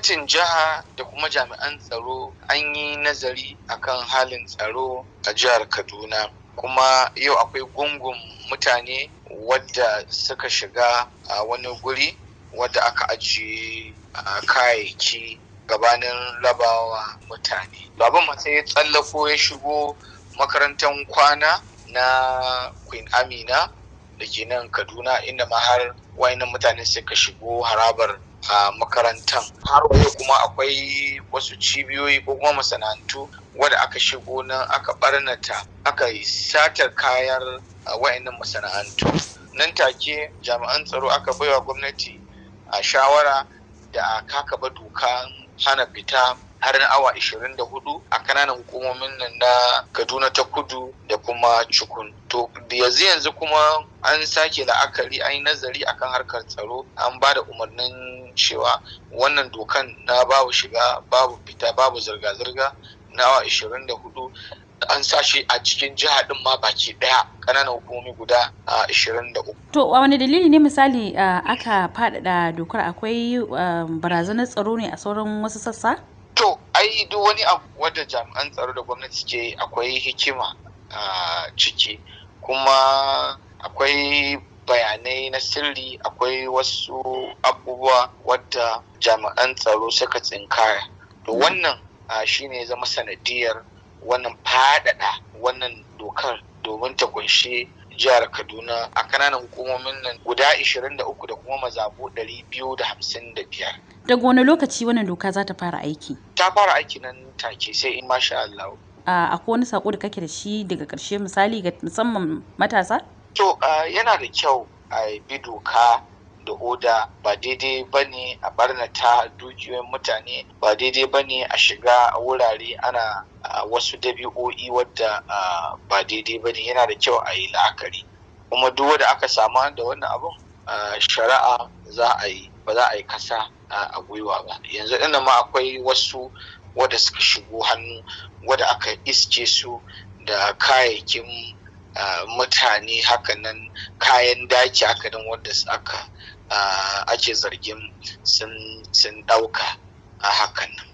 gwamnatin jiha da kuma jami'an tsaro an yi nazari a kan halin tsaro a jihar kaduna kuma yau akwai gungun mutane wadda suka shiga a wani guri wadda aka ajiye kayayyaki gabanin rabawa mutane babban matsayi ya tsallako ya shigo makarantar kwana na queen amina da ke nan kaduna inda ma har wayannan mutane suka shigo harabar a makarantan har wani kuma akwai wasu cibiyoyi ko kuma masana'antu wadda aka shigo nan aka barnata aka yi satar kayan wayannan masana'antu nan take jami'an tsaro aka baiwa gwamnati a shawara da a kakaba doka hana fita har na awa 24 a kananan hukumomin nan na Kaduna ta Kudu da kuma Cukun. To yanzu yanzu kuma an sake la'akari an yi nazari akan harkar tsaro an ba da umarnin cewa wannan dokan na babu shiga babu fita babu zirga-zirga na awa 24 an sashi a cikin jiha din ma baki daya kananan hukumomi guda a 23. To a wani dalili ne misali aka faɗaɗa dokar akwai um, barazanar tsaro ne a sauran wasu sassa? ai duk wani abu wadda jami'an tsaro da gwamnati ke akwai hikima a ciki kuma akwai bayanai na sirri akwai wasu abubuwa wadda jami'an tsaro suka tsinkaya to wannan shi shine zama sanadiyar wannan fadada wannan dokar domin ta kunshi jihar kaduna a kananan hukumomin nan guda 23 da kuma mazabu 255 daga wani lokaci wannan doka za ta fara aiki ta fara aiki nan take sai in masha Allah akwai wani sako da kake da shi daga ƙarshe misali ga musamman matasa to yana da kyau a bi doka da oda ba daidai ba ne a barnata dukiyoyin mutane ba daidai ba ne a shiga wurare ana wasu dabi'o'i wadda ba daidai ba ne yana da kyau a yi la'akari kuma duk wanda aka sama da wannan abun shari'a za a yi ba za a yi kasa a gwiwa ba yanzu ɗin ma akwai wasu wadda suka shigo hannu wadda aka iske su da kayayyakin mutane hakanan kayan daki hakanan wadda aka ake zargin sun ɗauka a hakanan.